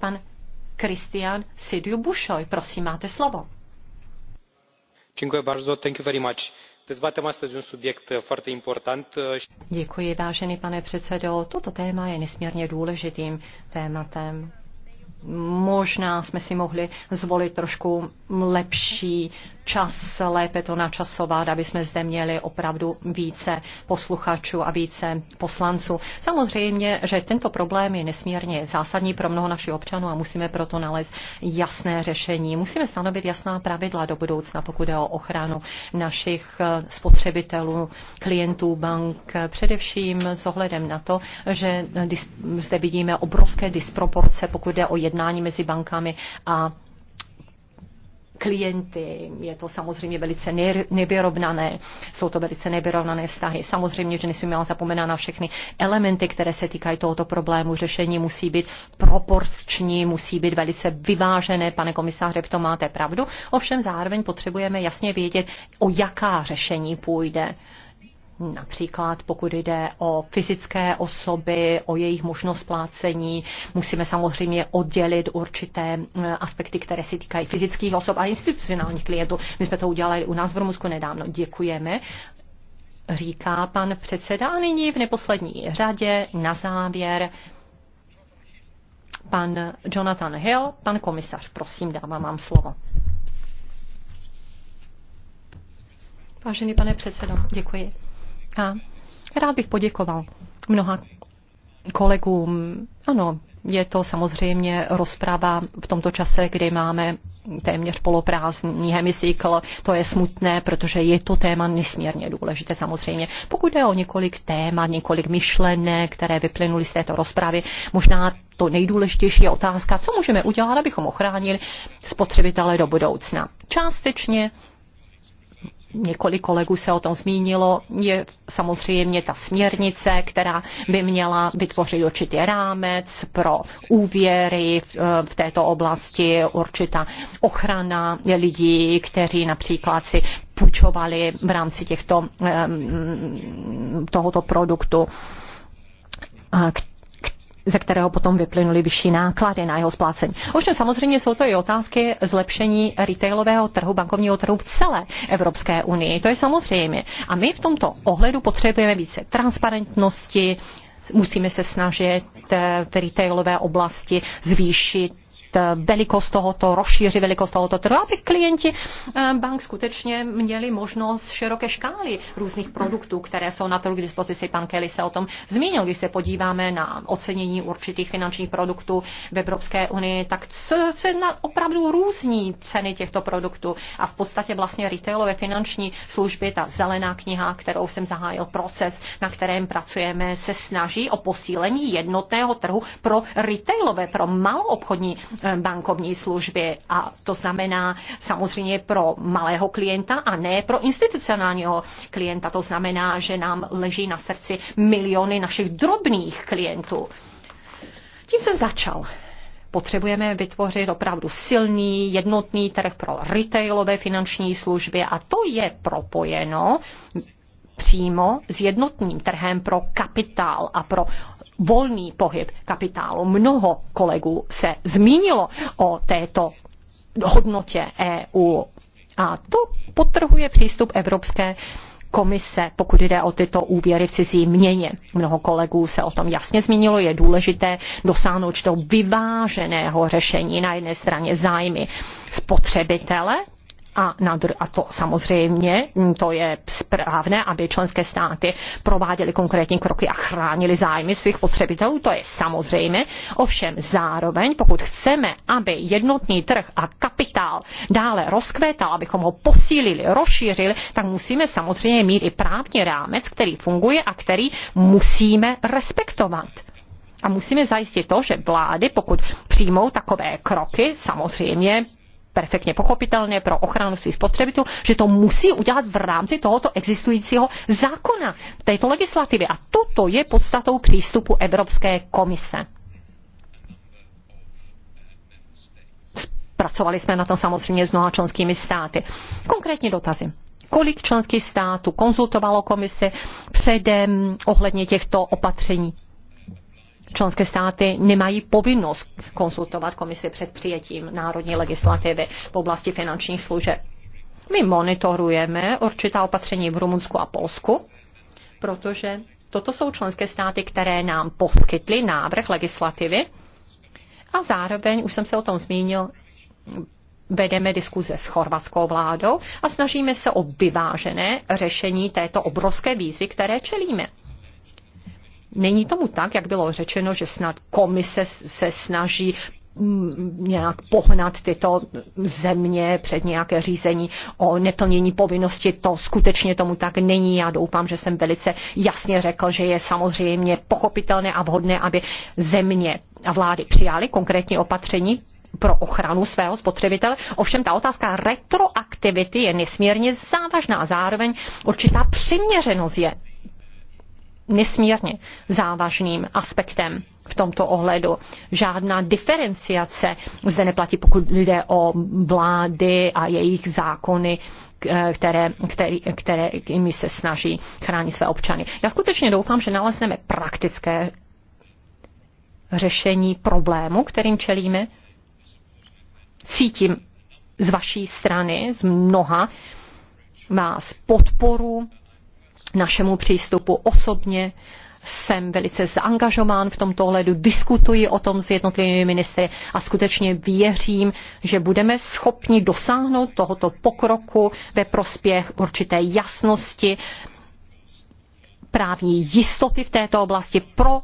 pan Christian Sidiu Bušoj. Prosím, máte slovo. Děkuji eh, Děkuji, vážený pane předsedo. Toto téma je nesmírně důležitým tématem možná jsme si mohli zvolit trošku lepší čas, lépe to načasovat, aby jsme zde měli opravdu více posluchačů a více poslanců. Samozřejmě, že tento problém je nesmírně zásadní pro mnoho našich občanů a musíme proto nalézt jasné řešení. Musíme stanovit jasná pravidla do budoucna, pokud je o ochranu našich eh, spotřebitelů, klientů, bank, především s ohledem na to, že eh, zde vidíme obrovské disproporce, pokud je o jednání mezi bankami a klienty, je to samozřejmě velice nevyrovnané, jsou to velice nevyrovnané vztahy. Samozřejmě, že nesmíme ale zapomenout na všechny elementy, které se týkají tohoto problému. Řešení musí být proporční, musí být velice vyvážené. Pane komisáře, v tom máte pravdu. Ovšem zároveň potřebujeme jasně vědět, o jaká řešení půjde. Například pokud jde o fyzické osoby, o jejich možnost plácení, musíme samozřejmě oddělit určité eh, aspekty, které se týkají fyzických osob a institucionálních klientů. My jsme to udělali u nás v Rumunsku nedávno. Děkujeme říká pan předseda. A nyní v neposlední řadě na závěr pan Jonathan Hill, pan komisař. Prosím, dávám vám slovo. Vážený pane předsedo, děkuji. A rád bych poděkoval mnoha kolegům. Ano, je to samozřejmě rozprava v tomto čase, kdy máme téměř poloprázdný hemicykl. To je smutné, protože je to téma nesmírně důležité samozřejmě. Pokud jde o několik témat, několik myšlenek, které vyplynuly z této rozpravy, možná to nejdůležitější je otázka, co můžeme udělat, abychom ochránili spotřebitele do budoucna. Částečně několik kolegů se o tom zmínilo, je samozřejmě ta směrnice, která by měla vytvořit určitý rámec pro úvěry v této oblasti, určitá ochrana lidí, kteří například si půjčovali v rámci těchto, tohoto produktu, ze kterého potom vyplynuly vyšší náklady na jeho splácení. Ovšem samozřejmě jsou to i otázky zlepšení retailového trhu, bankovního trhu v celé Evropské unii. To je samozřejmě. A my v tomto ohledu potřebujeme více transparentnosti, musíme se snažit eh, v retailové oblasti zvýšit Eh, velikost tohoto, rozšířit velikost tohoto trhu, aby klienti eh, bank skutečně měli možnost široké škály různých produktů, které jsou na trhu k dispozici. Pan Kelly se o tom zmínil, když se podíváme na ocenění určitých finančních produktů v Evropské unii, tak se na opravdu různí ceny těchto produktů a v podstatě vlastně retailové finanční služby, ta zelená kniha, kterou jsem zahájil proces, na kterém pracujeme, se snaží o posílení jednotného trhu pro retailové, pro maloobchodní Eh, bankovní služby. A to znamená samozřejmě pro malého klienta a ne pro institucionálního klienta. To znamená, že nám leží na srdci miliony našich drobných klientů. Tím jsem začal. Potřebujeme vytvořit opravdu silný, jednotný trh pro retailové finanční služby a to je propojeno přímo s jednotným trhem pro kapitál a pro volný pohyb kapitálu. Mnoho kolegů se zmínilo o této hodnotě EU. A to potrhuje přístup Evropské komise, pokud jde o tyto úvěry v cizí měně. Mnoho kolegů se o tom jasně zmínilo, je důležité dosáhnout toho vyváženého řešení na jedné straně zájmy spotřebitele a, na dru- a to samozřejmě, to je správné, aby členské státy prováděly konkrétní kroky a chránili zájmy svých potřebitelů, to je samozřejmé. Ovšem zároveň, pokud chceme, aby jednotný trh a kapitál dále rozkvétal, abychom ho posílili, rozšířili, tak musíme samozřejmě mít i právní rámec, který funguje a který musíme respektovat. A musíme zajistit to, že vlády, pokud přijmou takové kroky, samozřejmě perfektně pochopitelné pro ochranu svých spotřebitelů, že to musí udělat v rámci tohoto existujícího zákona, této legislativy. A toto je podstatou přístupu Evropské komise. Pracovali jsme na tom samozřejmě s mnoha členskými státy. Konkrétní dotazy. Kolik členských států konzultovalo komise předem ohledně těchto opatření? členské státy nemají povinnost konsultovat komisi před přijetím národní legislativy v oblasti finančních služeb. My monitorujeme určitá opatření v Rumunsku a Polsku, protože toto jsou členské státy, které nám poskytly návrh legislativy a zároveň, už jsem se o tom zmínil, vedeme diskuze s chorvatskou vládou a snažíme se o vyvážené řešení této obrovské výzvy, které čelíme. Není tomu tak, jak bylo řečeno, že snad komise se snaží mm, nějak pohnat tyto země před nějaké řízení o neplnění povinnosti. To skutečně tomu tak není. Já doufám, že jsem velice jasně řekl, že je samozřejmě pochopitelné a vhodné, aby země a vlády přijaly konkrétní opatření pro ochranu svého spotřebitele. Ovšem ta otázka retroaktivity je nesmírně závažná zároveň určitá přiměřenost je nesmírně závažným aspektem v tomto ohledu. Žádná diferenciace zde neplatí, pokud jde o vlády a jejich zákony, které, které, které jimi se snaží chránit své občany. Já skutečně doufám, že nalezneme praktické řešení problému, kterým čelíme. Cítím z vaší strany, z mnoha vás podporu našemu přístupu osobně jsem velice zaangažován v tomto ohledu, diskutuji o tom s jednotlivými ministry a skutečně věřím, že budeme schopni dosáhnout tohoto pokroku ve prospěch určité jasnosti, právní jistoty v této oblasti pro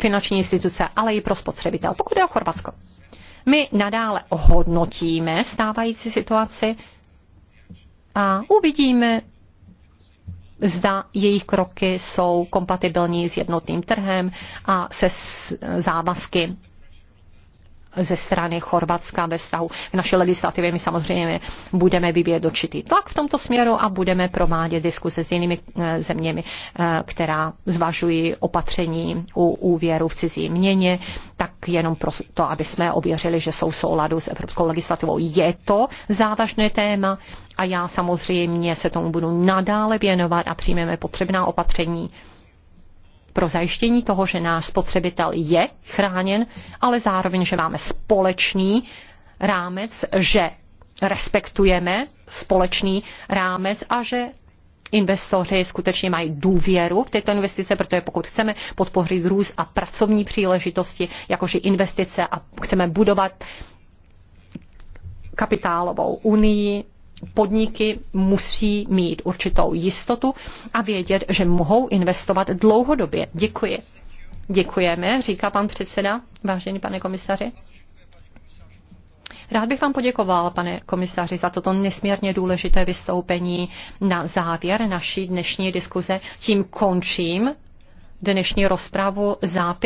finanční instituce, ale i pro spotřebitel. Pokud je o Chorvatsko, my nadále hodnotíme stávající situaci a uvidíme, zda jejich kroky jsou kompatibilní s jednotným trhem a se závazky ze strany Chorvatska ve vztahu k naší legislativě. My samozřejmě budeme vyvíjet určitý tlak v tomto směru a budeme provádět diskuse s jinými eh, zeměmi, eh, která zvažují opatření u úvěru v cizí měně, tak jenom proto, aby jsme ověřili, že jsou v souladu s evropskou legislativou. Je to závažné téma a já samozřejmě se tomu budu nadále věnovat a přijmeme potřebná opatření pro zajištění toho, že náš spotřebitel je chráněn, ale zároveň, že máme společný rámec, že respektujeme společný rámec a že investoři skutečně mají důvěru v tyto investice, protože pokud chceme podpořit růst a pracovní příležitosti, jakož i investice a chceme budovat kapitálovou unii, podniky musí mít určitou jistotu a vědět, že mohou investovat dlouhodobě. Děkuji. Děkujeme, říká pan předseda, vážený pane komisaři. Rád bych vám poděkoval, pane komisaři, za toto nesmírně důležité vystoupení na závěr naší dnešní diskuze. Tím končím dnešní rozpravu zápis.